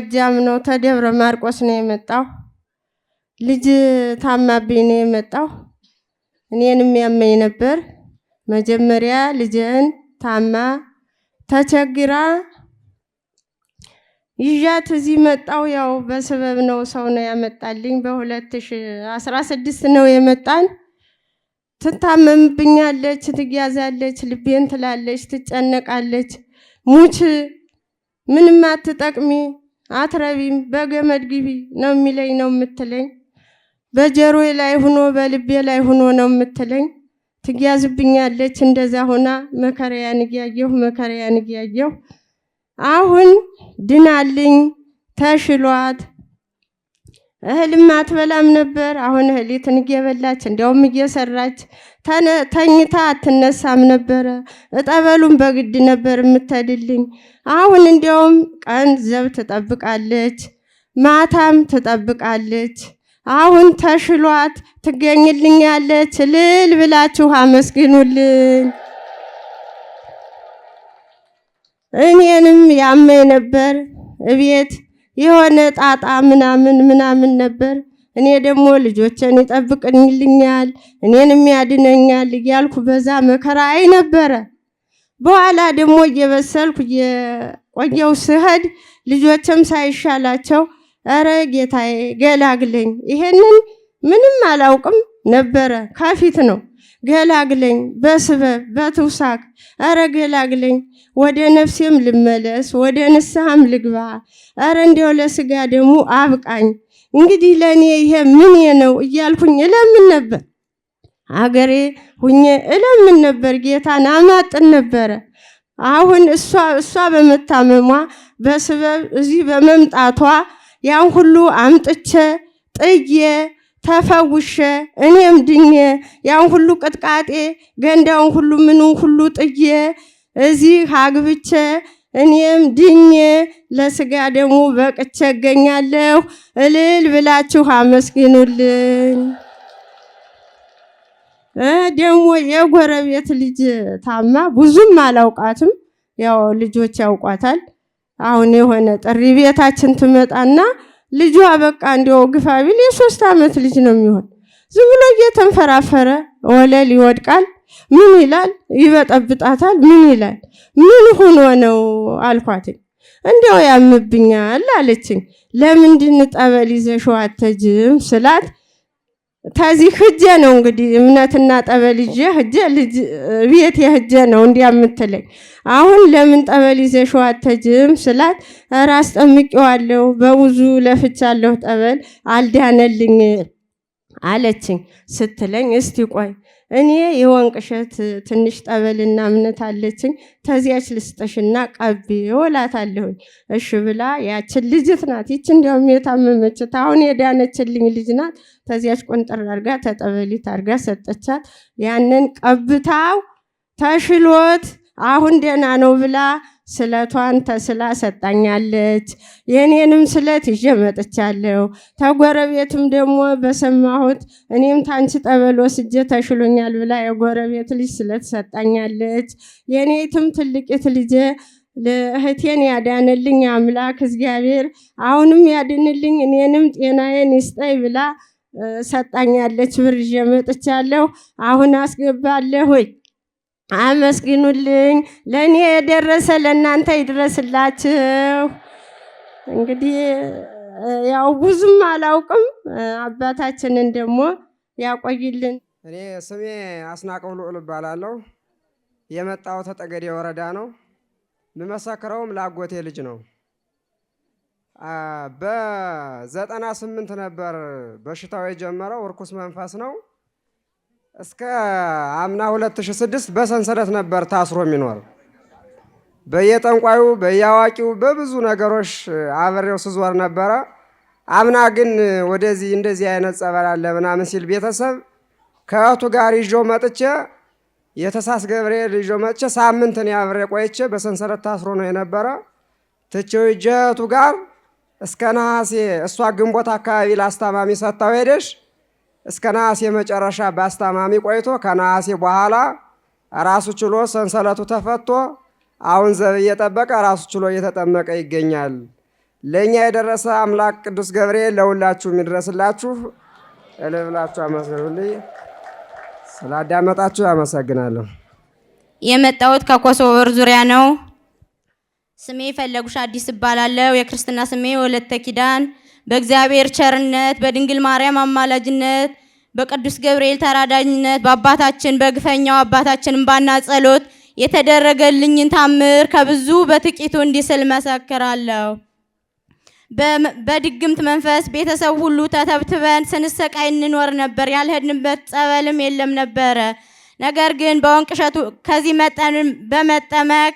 ከጎጃም ነው፣ ተደብረ ማርቆስ ነው የመጣው። ልጅ ታማብኝ ነው የመጣው። እኔንም ያመኝ ነበር። መጀመሪያ ልጅን ታማ ተቸግራ ይዣት እዚህ መጣው። ያው በስበብ ነው ሰው ነው ያመጣልኝ። በ216 ነው የመጣን። ትታመምብኛለች፣ ትያዛለች፣ ልቤን ትላለች፣ ትጨነቃለች፣ ሙች ምንም አትጠቅሚ አትረቢም በገመድ ግቢ ነው የሚለኝ ነው የምትለኝ። በጀሮዬ ላይ ሁኖ በልቤ ላይ ሁኖ ነው የምትለኝ። ትያዝብኛለች እንደዛ ሆና መከራያን እያየሁ መከራያን እያየሁ አሁን ድናልኝ ተሽሏት እህልም አትበላም ነበር። አሁን እህሊትን እየበላች እንዲያውም እየሰራች ተኝታ አትነሳም ነበረ። እጠበሉን በግድ ነበር የምትሄድልኝ። አሁን እንዲያውም ቀን ዘብ ትጠብቃለች፣ ማታም ትጠብቃለች። አሁን ተሽሏት ትገኝልኛለች። ልል ብላችሁ አመስግኑልኝ። እኔንም ያመኝ ነበር እቤት የሆነ ጣጣ ምናምን ምናምን ነበር። እኔ ደግሞ ልጆቼን ይጠብቅልኛል፣ እኔንም ያድነኛል እያልኩ በዛ መከራ አይ ነበረ። በኋላ ደግሞ እየበሰልኩ እየቆየው ስሄድ ልጆችም ሳይሻላቸው እረ ጌታዬ ገላግለኝ፣ ይሄንን ምንም አላውቅም ነበረ ከፊት ነው ገላግለኝ በስበብ በትውሳክ ኧረ ገላግለኝ። ወደ ነፍሴም ልመለስ ወደ ንስሐም ልግባ። ኧረ እንዲያው ለስጋ ደግሞ አብቃኝ። እንግዲህ ለእኔ ይሄ ምን ነው እያልኩኝ እለምን ነበር። አገሬ ሁኜ እለምን ነበር። ጌታን አማጥን ነበረ። አሁን እሷ እሷ በመታመሟ በስበብ እዚህ በመምጣቷ ያን ሁሉ አምጥቼ ጥዬ ተፈውሸ እኔም ድኜ ያን ሁሉ ቅጥቃጤ ገንዳውን ሁሉ ምኑ ሁሉ ጥዬ እዚህ አግብቼ እኔም ድኜ ለስጋ ደግሞ በቅቼ እገኛለሁ። እልል ብላችሁ አመስግኑልኝ። ደግሞ የጎረቤት ልጅ ታማ ብዙም አላውቃትም፣ ያው ልጆች ያውቋታል። አሁን የሆነ ጥሪ ቤታችን ትመጣና ልጇ በቃ እንዲያው ግፋ ቢል የሶስት ዓመት ልጅ ነው የሚሆን። ዝም ብሎ እየተንፈራፈረ ወለል ይወድቃል። ምን ይላል? ይበጠብጣታል። ምን ይላል? ምን ሆኖ ነው አልኳትኝ። እንዲያው ያምብኛል አለችኝ። ለምንድን ጠበል ይዘሽው አትሄጂም ስላት ተዚህ ህጀ ነው እንግዲህ እምነትና ጠበል ይዤ ህጀ ልጅ ቤት የህጀ ነው እንዲያ የምትለኝ። አሁን ለምን ጠበል ይዘሽው አትሄጂም ስላት ኧረ አስጠምቄዋለሁ በውዙ ለፍቻለሁ ጠበል አልዳነልኝ አለችኝ ስትለኝ እስቲ ቆይ እኔ እሸት ትንሽ ጠበልና እምነት አለችኝ፣ ተዚያች ልስጠሽና ቀቢ እወላታለሁኝ። እሺ ብላ ያችን ልጅት ናት ይች እንዲያውም የታመመችት አሁን የዳነችልኝ ልጅ ናት። ተዚያች ቆንጠር አርጋ ተጠበሊት አርጋ ሰጠቻት። ያንን ቀብታው ተሽሎት አሁን ደህና ነው ብላ ስለቷን ተስላ ሰጣኛለች። የእኔንም ስለት ይዤ መጥቻለሁ። ተጎረቤትም ደግሞ በሰማሁት እኔም ታንቺ ጠበል ወስጄ ተሽሎኛል ብላ የጎረቤት ልጅ ስለት ሰጣኛለች። የእኔትም ትልቂት ልጄ እህቴን ያዳንልኝ አምላክ እግዚአብሔር አሁንም ያድንልኝ እኔንም ጤናዬን ይስጠኝ ብላ ሰጣኛለች። ብር ይዤ መጥቻለሁ። አሁን አስገባለሁ አመስግኑልኝ። ለእኔ የደረሰ ለእናንተ ይድረስላችሁ። እንግዲህ ያው ብዙም አላውቅም። አባታችንን ደግሞ ያቆይልን። እኔ ስሜ አስናቀው ልዑል እባላለሁ። የመጣው ተጠገዴ ወረዳ ነው። የምመሰክረውም ላጎቴ ልጅ ነው። በዘጠና ስምንት ነበር በሽታው የጀመረው። እርኩስ መንፈስ ነው። እስከ አምና 2006 በሰንሰለት ነበር ታስሮ የሚኖር። በየጠንቋዩ በየአዋቂው በብዙ ነገሮች አብሬው ስዞር ነበረ። አምና ግን ወደዚህ እንደዚህ አይነት ጸበል አለ ምናምን ሲል ቤተሰብ ከእህቱ ጋር ይዞ መጥቼ የተሳስ ገብርኤል ይዞ መጥቼ ሳምንትን አብሬ ቆይቼ በሰንሰለት ታስሮ ነው የነበረ። ትቼው እህቱ ጋር እስከ ነሐሴ እሷ ግንቦት አካባቢ ላስታማሚ ሰጥታው ሄደሽ እስከ ነሐሴ መጨረሻ በአስታማሚ ቆይቶ ከነሐሴ በኋላ ራሱ ችሎ ሰንሰለቱ ተፈቶ አሁን ዘብ እየጠበቀ ራሱ ችሎ እየተጠመቀ ይገኛል። ለእኛ የደረሰ አምላክ ቅዱስ ገብርኤል ለሁላችሁ የሚድረስላችሁ እልብላችሁ አመስግኑልኝ። ስላዳመጣችሁ አመሰግናለሁ። የመጣሁት ከኮሶ ዙሪያ ነው። ስሜ ፈለጉሽ አዲስ እባላለሁ። የክርስትና ስሜ ወለተ ኪዳን በእግዚአብሔር ቸርነት በድንግል ማርያም አማላጅነት በቅዱስ ገብርኤል ተራዳኝነት በአባታችን በግፈኛው አባታችን ባና ጸሎት የተደረገልኝን ታምር ከብዙ በጥቂቱ እንዲህ ስል መሰክራለሁ። በድግምት መንፈስ ቤተሰብ ሁሉ ተተብትበን ስንሰቃይ እንኖር ነበር። ያልሄድንበት ጸበልም የለም ነበረ። ነገር ግን በወንቅ እሸቱ ከዚህ መጠን በመጠመቅ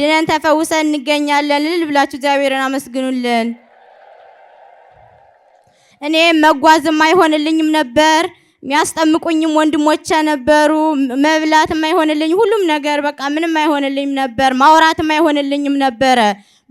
ድነን ተፈውሰን እንገኛለን። ልል ብላችሁ እግዚአብሔርን አመስግኑልን። እኔ መጓዝም አይሆንልኝም ነበር። የሚያስጠምቁኝም ወንድሞቼ ነበሩ። መብላትም አይሆንልኝ፣ ሁሉም ነገር በቃ ምንም አይሆንልኝም ነበር። ማውራትም አይሆንልኝም ነበረ።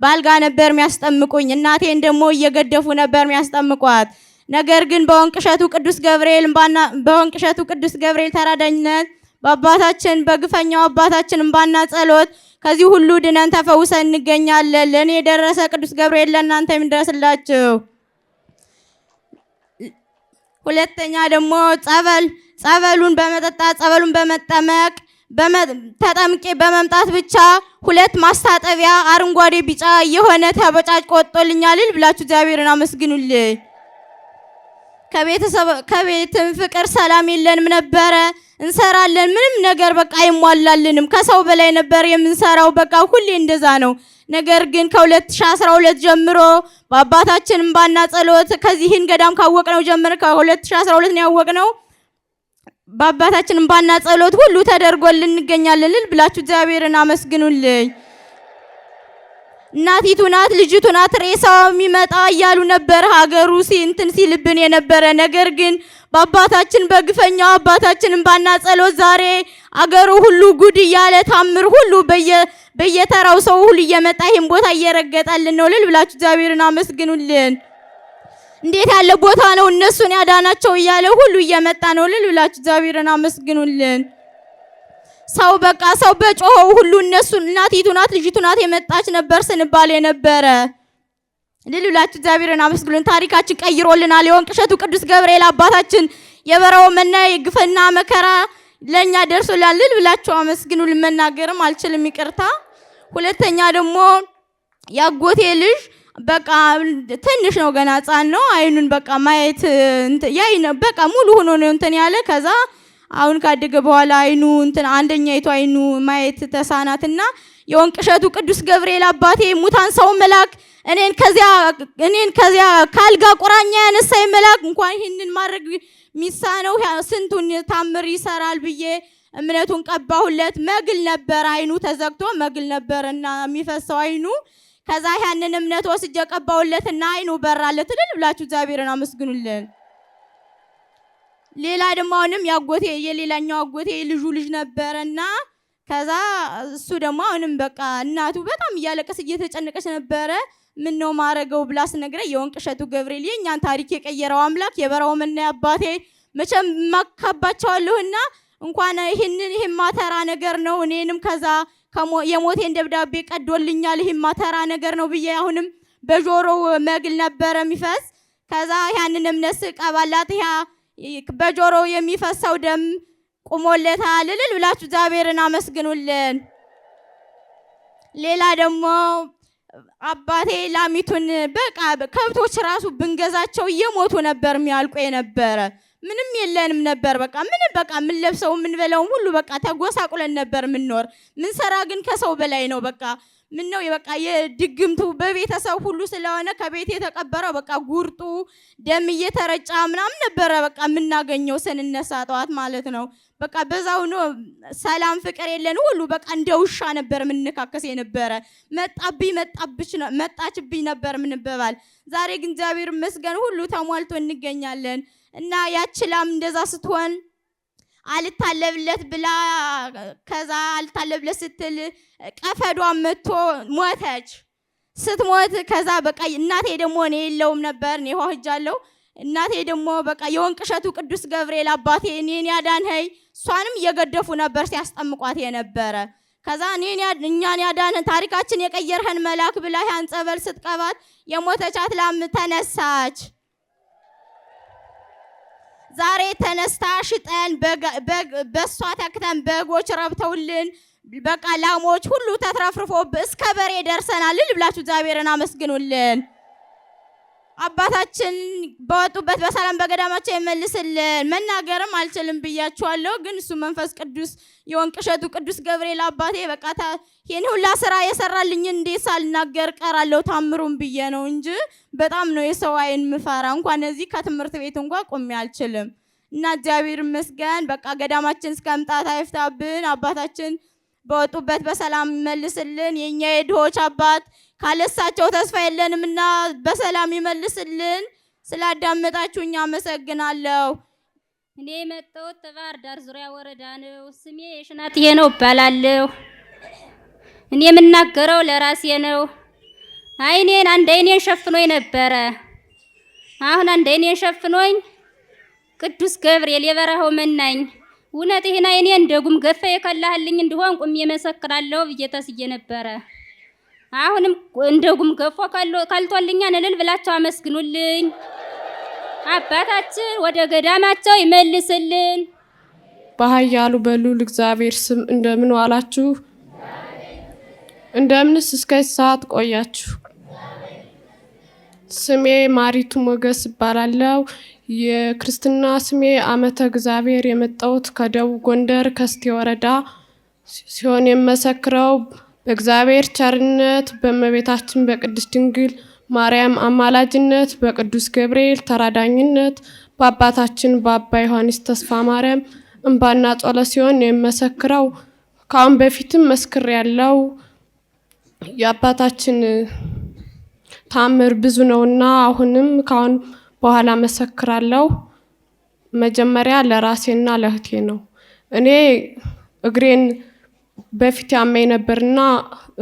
ባልጋ ነበር የሚያስጠምቁኝ። እናቴን ደግሞ እየገደፉ ነበር የሚያስጠምቋት። ነገር ግን በወንቅሸቱ ቅዱስ ገብርኤል እምባና በወንቅሸቱ ቅዱስ ገብርኤል ተራዳኝነት በአባታችን በግፈኛው አባታችን እምባና ጸሎት ከዚህ ሁሉ ድነን ተፈውሰን እንገኛለን። ለእኔ የደረሰ ቅዱስ ገብርኤል ለእናንተ የሚደርስላችሁ ሁለተኛ ደግሞ ጸበል ጸበሉን በመጠጣት ጸበሉን በመጠመቅ ተጠምቄ በመምጣት ብቻ ሁለት ማስታጠቢያ አረንጓዴ ቢጫ የሆነ ተበጫጭ ቆጦልኛልል ብላችሁ እግዚአብሔርን አመስግኑልኝ። ከቤትም ፍቅር ሰላም የለንም ነበረ። እንሰራለን። ምንም ነገር በቃ አይሟላልንም። ከሰው በላይ ነበር የምንሰራው። በቃ ሁሌ እንደዛ ነው። ነገር ግን ከ2012 ጀምሮ በአባታችን እምባና ጸሎት ከዚህን ገዳም ካወቅነው ጀምር ከ2012 ነው ያወቅነው። በአባታችን እምባና ጸሎት ሁሉ ተደርጎልን እንገኛለን። ልል ብላችሁ እግዚአብሔርን አመስግኑልኝ። እናቲቱ ናት ልጅቱ ናት ሬሳው የሚመጣ እያሉ ነበር ሀገሩ እንትን ሲልብን የነበረ ነገር ግን በአባታችን በግፈኛው አባታችን እንባና ጸሎት ዛሬ አገሩ ሁሉ ጉድ እያለ ታምር ሁሉ በየተራው ሰው ሁሉ እየመጣ ይህን ቦታ እየረገጠልን ነው። ልል ብላችሁ እግዚአብሔርን አመስግኑልን። እንዴት ያለ ቦታ ነው እነሱን ያዳናቸው እያለ ሁሉ እየመጣ ነው። ልል ብላችሁ እግዚአብሔርን አመስግኑልን። ሰው በቃ ሰው በጮኸው ሁሉ እነሱን እናቲቱ ናት ልጅቱ ናት የመጣች ነበር ስንባል የነበረ ልሉላችሁ እግዚአብሔርን አመስግኑልን። ታሪካችን ቀይሮልናል። የወንቅ እሸቱ ቅዱስ ገብርኤል አባታችን የበረው መና የግፍና መከራ ለእኛ ደርሶላል። ልሉላችሁ አመስግኑ። መናገርም አልችልም ይቅርታ። ሁለተኛ ደግሞ ያጎቴ ልጅ በቃ ትንሽ ነው ገና ሕፃን ነው። አይኑን በቃ ማየት ያይ በቃ ሙሉ ሆኖ ነው እንትን ያለ። ከዛ አሁን ካደገ በኋላ አይኑ እንትን አንደኛይቱ አይኑ ማየት ተሳናትና የወንቅ እሸቱ ቅዱስ ገብርኤል አባቴ ሙታን ሰው መላክ እኔን ከዚያ እኔን ከዚያ ካልጋ ቁራኛ ያነሳ መልአክ እንኳን ይህንን ማድረግ ነው ስንቱን ታምር ይሰራል ብዬ እምነቱን ቀባሁለት። መግል ነበር፣ አይኑ ተዘግቶ መግል ነበር እና የሚፈሰው አይኑ። ከዛ ያንን እምነት ወስጄ ቀባሁለት እና አይኑ በራለት። ትልል ብላችሁ እግዚአብሔርን አመስግኑልን። ሌላ ደግሞ አሁንም ያጎቴ የሌላኛው አጎቴ ልጁ ልጅ ነበረና ከዛ እሱ ደግሞ አሁንም በቃ እናቱ በጣም እያለቀስ እየተጨነቀች ነበረ። ምን ነው ማረገው ብላ ስነግረኝ የወንቅ እሸቱ ገብርኤል የእኛን ታሪክ የቀየረው አምላክ የበረው መና አባቴ መቼም ማካባቸዋለሁና እንኳን ይህንን ይህማ ተራ ነገር ነው እኔንም ከዛ የሞቴን ደብዳቤ ቀዶልኛል። ይህማ ተራ ነገር ነው ብዬ አሁንም በጆሮው መግል ነበረ የሚፈስ ከዛ ያንን እምነት ስቀባላት ያ በጆሮው የሚፈሰው ደም ቁሞለታል። እልል ብላችሁ እግዚአብሔርን አመስግኑልን። ሌላ ደግሞ አባቴ ላሚቱን በቃ ከብቶች ራሱ ብንገዛቸው እየሞቱ ነበር የሚያልቁ የነበረ ምንም የለንም ነበር። በቃ ምንም በቃ የምንለብሰው የምንበላውም ሁሉ በቃ ተጎሳቁለን ነበር ምንኖር ምንሰራ ግን ከሰው በላይ ነው በቃ ምን ነው በቃ የድግምቱ በቤተሰብ ሁሉ ስለሆነ ከቤት የተቀበረው በቃ ጉርጡ ደም እየተረጫ ምናምን ነበረ በቃ የምናገኘው ስንነሳ ጠዋት ማለት ነው። በቃ በዛው ነው ሰላም ፍቅር የለን ሁሉ በቃ እንደ ውሻ ነበር የምንካከስ የነበረ መጣብኝ መጣብች መጣችብኝ ነበር ምንበባል። ዛሬ ግን እግዚአብሔር ይመስገን ሁሉ ተሟልቶ እንገኛለን እና ያችላም እንደዛ ስትሆን አልታለብለት ብላ ከዛ አልታለብለት ስትል ቀፈዷ መቶ ሞተች። ስትሞት ከዛ በቃ እናቴ ደግሞ እኔ የለውም ነበር እኔ ሆህጃለሁ። እናቴ ደግሞ በቃ የወንቅ እሸቱ ቅዱስ ገብርኤል አባቴ እኔን ያዳንኸኝ፣ እሷንም እየገደፉ ነበር ሲያስጠምቋት የነበረ ከዛ እኛን ያዳንህን ታሪካችን የቀየርህን መልአክ ብላ ያን ጸበል ስትቀባት የሞተቻት ላም ተነሳች። ዛሬ ተነስታ ሽጠን በእሷ ተክተን በጎች ረብተውልን በቃ ላሞች ሁሉ ተትረፍርፎ እስከ በሬ ደርሰናል። ልል እግዚአብሔርን አመስግኑልን። አባታችን በወጡበት በሰላም በገዳማቸው ይመልስልን። መናገርም አልችልም ብያችኋለሁ፣ ግን እሱ መንፈስ ቅዱስ የወንቅ እሸቱ ቅዱስ ገብርኤል አባቴ በቃ ይህን ሁላ ስራ የሰራልኝ እንዴ ሳልናገር ቀራለሁ ታምሩን ብዬ ነው እንጂ በጣም ነው የሰው አይን ምፈራ። እንኳን እዚህ ከትምህርት ቤት እንኳ ቆሜ አልችልም እና እግዚአብሔር ይመስገን በቃ ገዳማችን እስከምጣት አይፍታብን አባታችን በወጡበት በሰላም መልስልን። የእኛ የድሆች አባት ካለሳቸው ተስፋ የለንምና በሰላም ይመልስልን። ስላዳመጣችሁኝ አመሰግናለሁ። እኔ የመጣሁት ባህር ዳር ዙሪያ ወረዳ ነው። ስሜ የሽናጥዬ ነው እባላለሁ። እኔ የምናገረው ለራሴ ነው። አይኔን አንድ አይኔን ሸፍኖኝ ነበረ። አሁን አንድ አይኔን ሸፍኖኝ ቅዱስ ገብርኤል የበረሃው መናኝ እውነት እውነትህና የኔ እንደጉም ገፈ የከላህልኝ እንደሆን ቁም የመሰክራለሁ ብዬ ተስዬ ነበረ። አሁንም እንደጉም ገፎ ካልቶልኛን እልል ብላቸው አመስግኑልኝ። አባታችን ወደ ገዳማቸው ይመልስልን። በኃያሉ በሉል እግዚአብሔር ስም እንደምን ዋላችሁ? እንደምንስ እስከ ሰዓት ቆያችሁ? ስሜ ማሪቱ ሞገስ እባላለሁ። የክርስትና ስሜ አመተ እግዚአብሔር የመጣሁት ከደቡብ ጎንደር ከስቴ ወረዳ ሲሆን የመሰክረው በእግዚአብሔር ቸርነት በእመቤታችን በቅድስት ድንግል ማርያም አማላጅነት በቅዱስ ገብርኤል ተራዳኝነት በአባታችን በአባ ዮሐንስ ተስፋ ማርያም እንባና ጸሎት ሲሆን የመሰክረው ከአሁን በፊትም መስክር ያለው የአባታችን ታምር ብዙ ነውና አሁንም ከአሁን በኋላ መሰክራለሁ። መጀመሪያ ለራሴና ለእህቴ ነው። እኔ እግሬን በፊት ያመኝ ነበርና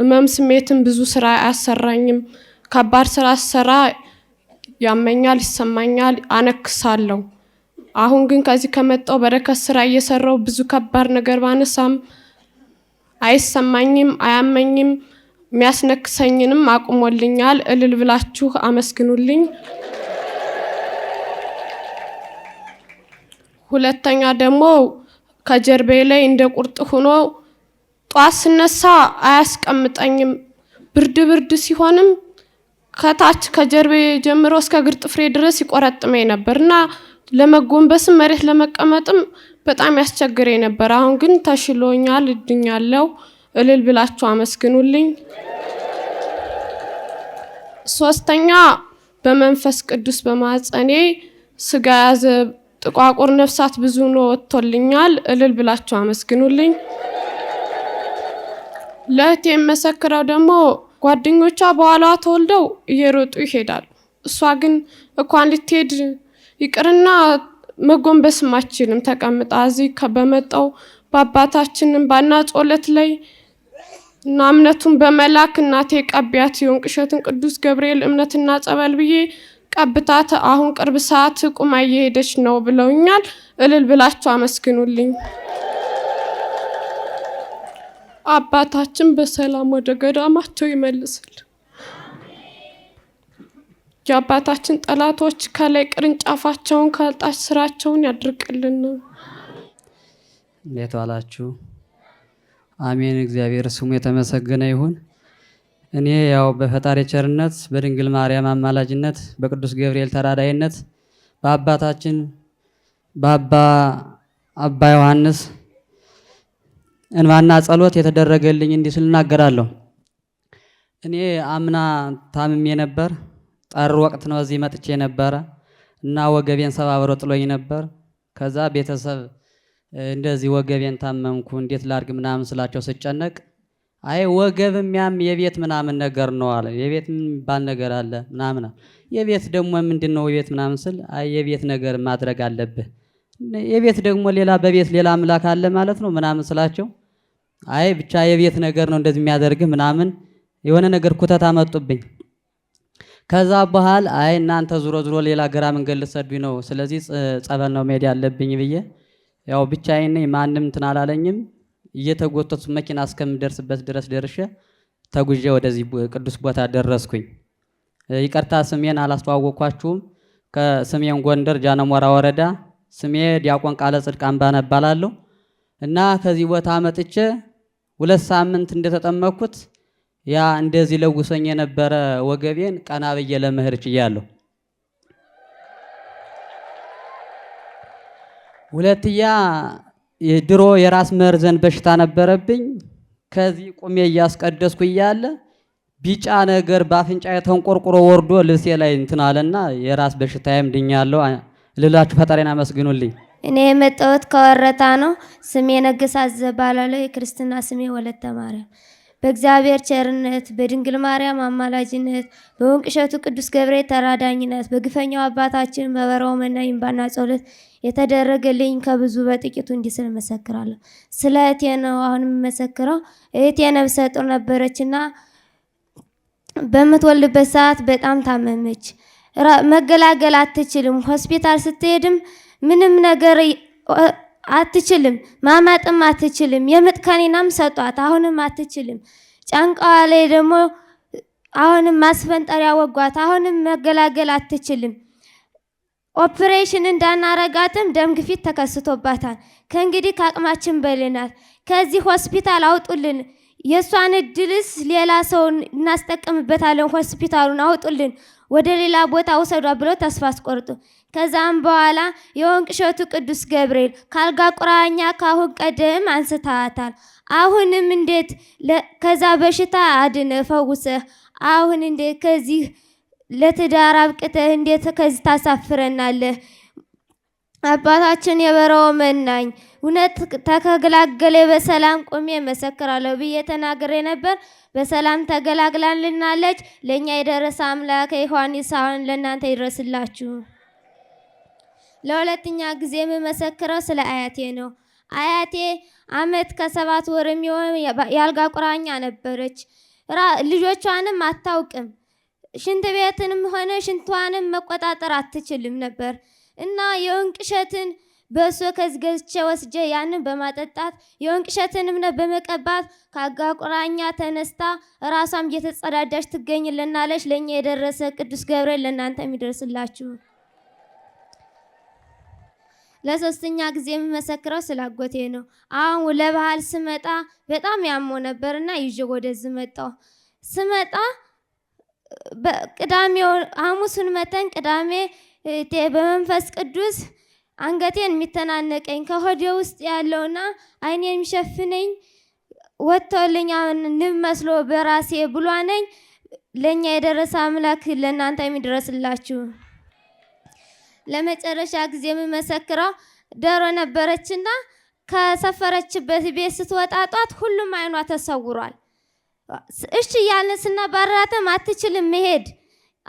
እመም ስሜትን ብዙ ስራ አያሰራኝም። ከባድ ስራ ስራ ያመኛል፣ ይሰማኛል፣ አነክሳለሁ። አሁን ግን ከዚህ ከመጣው በረከት ስራ እየሰራው ብዙ ከባድ ነገር ባነሳም አይሰማኝም፣ አያመኝም። የሚያስነክሰኝንም አቁሞልኛል። እልል ብላችሁ አመስግኑልኝ። ሁለተኛ ደግሞ ከጀርቤ ላይ እንደ ቁርጥ ሆኖ ጧት ስነሳ አያስቀምጠኝም። ብርድ ብርድ ሲሆንም ከታች ከጀርቤ ጀምሮ እስከ እግር ጥፍሬ ድረስ ይቆረጥመኝ ነበር እና ለመጎንበስም መሬት ለመቀመጥም በጣም ያስቸግረኝ ነበር። አሁን ግን ተሽሎኛል፣ እድኛለሁ። እልል ብላችሁ አመስግኑልኝ። ሶስተኛ በመንፈስ ቅዱስ በማጸኔ ስጋ ያዘ ጥቋቁር ነፍሳት ብዙ ነው ወጥቶልኛል። እልል ብላችሁ አመስግኑልኝ። ለእህቴ የመሰክረው ደግሞ ጓደኞቿ በኋላ ተወልደው እየሮጡ ይሄዳሉ። እሷ ግን እንኳን ልትሄድ ይቅርና መጎንበስም አችልም ተቀምጣ እዚህ በመጣው በአባታችንም ባና ጾለት ላይ እና እምነቱን በመላክ እናቴ ቀቢያት የወንቅ እሸትን ቅዱስ ገብርኤል እምነትና ጸበል ብዬ ቀብታት አሁን ቅርብ ሰዓት ቁማ እየሄደች ነው ብለውኛል። እልል ብላችሁ አመስግኑልኝ። አባታችን በሰላም ወደ ገዳማቸው ይመልስል። የአባታችን ጠላቶች ከላይ ቅርንጫፋቸውን ከልጣች ስራቸውን ያድርቅልን። እንዴት ዋላችሁ? አሜን። እግዚአብሔር ስሙ የተመሰገነ ይሁን። እኔ ያው በፈጣሪ ቸርነት በድንግል ማርያም አማላጅነት በቅዱስ ገብርኤል ተራዳይነት በአባታችን በአባ አባ ዮሐንስ እንባና ጸሎት የተደረገልኝ እንዲህ ስል እናገራለሁ። እኔ አምና ታምሜ ነበር። ጠር ወቅት ነው እዚህ መጥቼ ነበረ እና ወገቤን ሰባብሮ ጥሎኝ ነበር። ከዛ ቤተሰብ እንደዚህ ወገቤን ታመምኩ እንዴት ላድርግ ምናምን ስላቸው ስጨነቅ አይ ወገብም ያም የቤት ምናምን ነገር ነው አለ። የቤት የሚባል ነገር አለ ምናምን የቤት ደግሞ ምንድን ነው የቤት ምናምን ስል አይ የቤት ነገር ማድረግ አለብህ። የቤት ደግሞ ሌላ በቤት ሌላ አምላክ አለ ማለት ነው ምናምን ስላቸው አይ ብቻ የቤት ነገር ነው እንደዚህ የሚያደርግህ ምናምን የሆነ ነገር ኩተት አመጡብኝ። ከዛ በኋላ አይ እናንተ ዙሮ ዙሮ ሌላ ግራ መንገድ ልትሰዱኝ ነው፣ ስለዚህ ጸበል ነው መሄድ ያለብኝ ብዬ ያው ብቻዬን ነኝ ማንም እንትን አላለኝም። እየተጎተቱ መኪና እስከምደርስበት ድረስ ደርሼ ተጉዤ ወደዚህ ቅዱስ ቦታ ደረስኩኝ። ይቅርታ ስሜን አላስተዋወቅኳችሁም። ከሰሜን ጎንደር ጃነሞራ ወረዳ ስሜ ዲያቆን ቃለ ጽድቅ አምባነ እባላለሁ እና ከዚህ ቦታ መጥቼ ሁለት ሳምንት እንደተጠመኩት ያ እንደዚህ ለውሶኝ የነበረ ወገቤን ቀና ብዬ ለመሄድ ችያለሁ። ሁለትያ ድሮ የራስ መርዘን በሽታ ነበረብኝ። ከዚህ ቁሜ እያስቀደስኩ እያለ ቢጫ ነገር በአፍንጫ የተንቆርቁሮ ወርዶ ልብሴ ላይ እንትን አለና የራስ በሽታዬም ድኛለሁ ልላችሁ ፈጣሪን አመስግኑልኝ። እኔ የመጣሁት ከወረታ ነው። ስሜ ነገሳ ዘባላለሁ። የክርስትና ስሜ ወለተ ማርያም። በእግዚአብሔር ቸርነት በድንግል ማርያም አማላጅነት በወንቅ እሸቱ ቅዱስ ገብርኤል ተራዳኝነት በግፈኛው አባታችን መበረው መና ይምባና ጸሎት የተደረገልኝ ከብዙ በጥቂቱ እንዲህ ስል መሰክራለሁ። ስለ እህቴ ነው አሁን የምመሰክረው። እህቴ ነብሰ ጡር ነበረችና በምትወልድበት ሰዓት በጣም ታመመች። መገላገል አትችልም። ሆስፒታል ስትሄድም ምንም ነገር አትችልም። ማማጥም አትችልም። የምጥከኔናም ሰጧት፣ አሁንም አትችልም። ጫንቃዋ ላይ ደግሞ አሁንም ማስፈንጠሪያ ወጓት፣ አሁንም መገላገል አትችልም። ኦፕሬሽን እንዳናረጋትም ደም ግፊት ተከስቶባታል። ከእንግዲህ ከአቅማችን በላይ ከዚህ ሆስፒታል አውጡልን። የእሷን እድልስ ሌላ ሰው እናስጠቀምበታለን። ሆስፒታሉን አውጡልን፣ ወደ ሌላ ቦታ ውሰዷ ብለው ተስፋ አስቆርጡ። ከዛም በኋላ የወንቅ እሸቱ ቅዱስ ገብርኤል ካልጋ ቁራኛ ካሁን ቀደም አንስታታል። አሁንም እንዴት ከዛ በሽታ አድነ ፈውሰህ አሁን እንዴት ከዚህ ለትዳር አብቅተህ እንዴት ከዚህ ታሳፍረናለህ? አባታችን የበረው መናኝ እውነት ተከግላገሌ በሰላም ቁሜ መሰክራለሁ ብዬ ተናግሬ ነበር። በሰላም ተገላግላልናለች። ለእኛ የደረሰ አምላከ ዮሐንስ አሁን ለእናንተ ይድረስላችሁ። ለሁለተኛ ጊዜ የምመሰክረው ስለ አያቴ ነው። አያቴ አመት ከሰባት ወር የሚሆን የአልጋ ቁራኛ ነበረች። ልጆቿንም አታውቅም። ሽንት ቤትንም ሆነ ሽንቷንም መቆጣጠር አትችልም ነበር እና የወንቅሸትን በሶ ከዝገዝቼ ወስጄ ያንን በማጠጣት የወንቅሸትን እምነት በመቀባት ከአጋቁራኛ ተነስታ ራሷም እየተጸዳዳች ትገኝልናለች። ለእኛ የደረሰ ቅዱስ ገብርኤል ለእናንተ የሚደርስላችሁ። ለሶስተኛ ጊዜ የምመሰክረው ስላጎቴ ነው። አሁን ለባህል ስመጣ በጣም ያሞ ነበርና ይዤ ወደዚህ መጣሁ። ስመጣ ቅዳሜ ሐሙሱን መተን ቅዳሜ በመንፈስ ቅዱስ አንገቴን የሚተናነቀኝ ከሆዴ ውስጥ ያለውና አይኔ የሚሸፍነኝ ወጥቶልኝ ንብ መስሎ በራሴ ብሏነኝ ለእኛ የደረሰ አምላክ ለእናንተ የሚደረስላችሁ። ለመጨረሻ ጊዜ የምመሰክረው ዶሮ ነበረችና ከሰፈረችበት ቤት ስትወጣ ጧት ሁሉም አይኗ ተሰውሯል። እሺ እያልን ስናባራተም አትችልም መሄድ።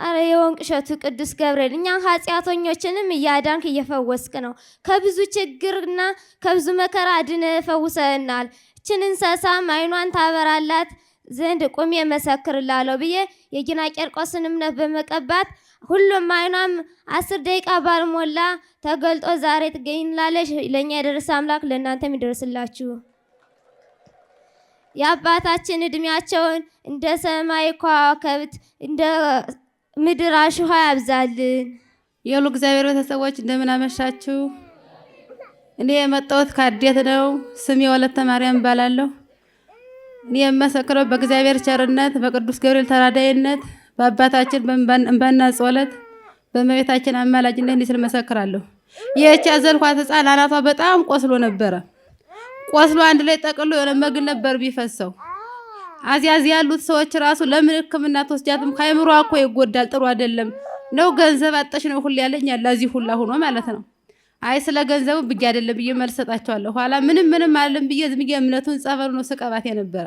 አረ የወንቅ እሸቱ ቅዱስ ገብርኤል እኛን ኃጢአተኞችንም እያዳንክ እየፈወስክ ነው። ከብዙ ችግርና ከብዙ መከራ አድነ ፈውሰናል። እችን እንስሳም አይኗን ታበራላት ዘንድ ቁሜ መሰክርላለሁ ብዬ የጊና ቄርቆስን እምነት በመቀባት ሁሉም አይኗም አስር ደቂቃ ባልሞላ ተገልጦ ዛሬ ትገኝላለች። ለእኛ የደረሰ አምላክ ለእናንተም ይደርስላችሁ። የአባታችን እድሜያቸውን እንደ ሰማይ ከዋክብት እንደ ምድር አሸዋ ያብዛልን። የሉ እግዚአብሔር ቤተሰቦች እንደምን አመሻችሁ። እኔ የመጣሁት ከአዴት ነው። ስሜ ወለተ ማርያም እባላለሁ። እኔ የመሰክረው በእግዚአብሔር ቸርነት፣ በቅዱስ ገብርኤል ተራዳይነት፣ በአባታችን እንባና ጸሎት፣ በእመቤታችን አማላጅነት እንዲህ ስል መሰክራለሁ። ይህች ያዘልኳት ሕፃን አናቷ በጣም ቆስሎ ነበረ። ቆስሎ አንድ ላይ ጠቅሎ የሆነ መግል ነበር ቢፈሰው። አዚያዚ ያሉት ሰዎች ራሱ ለምን ሕክምና ተወስጃትም? ከአይምሮ እኮ ይጎዳል፣ ጥሩ አይደለም ነው። ገንዘብ አጠሽ ነው ሁሉ ያለኝ ለዚህ ሁላ ሆኖ ማለት ነው። አይ ስለ ገንዘቡ ብዬ አይደለም ብዬ መልስ ሰጣቸዋለሁ። ኋላ ምንም ምንም አለም ብዬ ዝም ብዬ እምነቱን ጸበሉ ነው ስቀባት የነበረ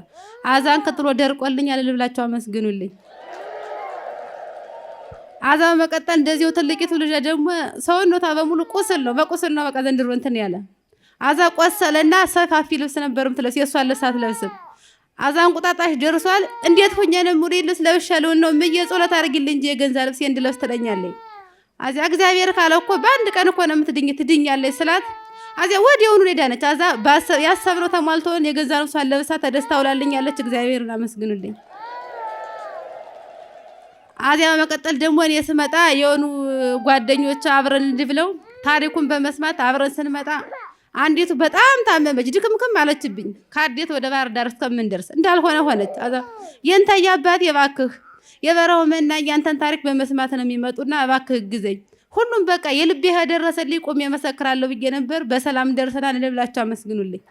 አዛን ከጥሎ ደርቆልኝ ልብላቸው አመስግኑልኝ። አዛ በመቀጠል እንደዚሁ ትልቂቱ ልጅ ደግሞ ሰውነቷ በሙሉ ቁስል ነው፣ በቁስል ነው በቃ ዘንድሮ እንትን ያለ አዛ ቆሰለና ሰፋፊ ልብስ ነበር የምትለብስ የእሷን ልብስ አትለብስም። አዛን ቁጣጣሽ ደርሷል። እንዴት ሆኜ ነው ሙሪ ልብስ ለብሻለሁ ነው ምየ ጸሎት አድርጊልኝ እንጂ የገንዛ ልብስ እንድለብስ ትለኛለች። አዚያ እግዚአብሔር ካለ እኮ በአንድ ቀን እኮ ነው የምትድኝ ትድኛለች ስላት አዚያ ወዲያውኑ ዳነች። አዛ ያሰብነው ተሟልቶን የገንዛ ልብሷን ለብሳ ተደስታ ውላለኛለች። እግዚአብሔርን አመስግኑልኝ። አዚያ በመቀጠል ደግሞ እኔ ስመጣ የሆኑ ጓደኞች አብረን እንድብለው ታሪኩን በመስማት አብረን ስንመጣ አንዴቱ በጣም ታመመች፣ ድክምክም አለችብኝ። ከአዴት ወደ ባህር ዳር እስከምንደርስ እንዳልሆነ ሆነች። የንታየ አባት የባክህ የበረው መና እያንተን ታሪክ በመስማት ነው የሚመጡና እባክህ ግዘኝ። ሁሉም በቃ የልቤ ደረሰልኝ፣ ቆሜ መሰክራለሁ ብዬ ነበር። በሰላም ደርሰናል። እኔ ብላችሁ አመስግኑልኝ።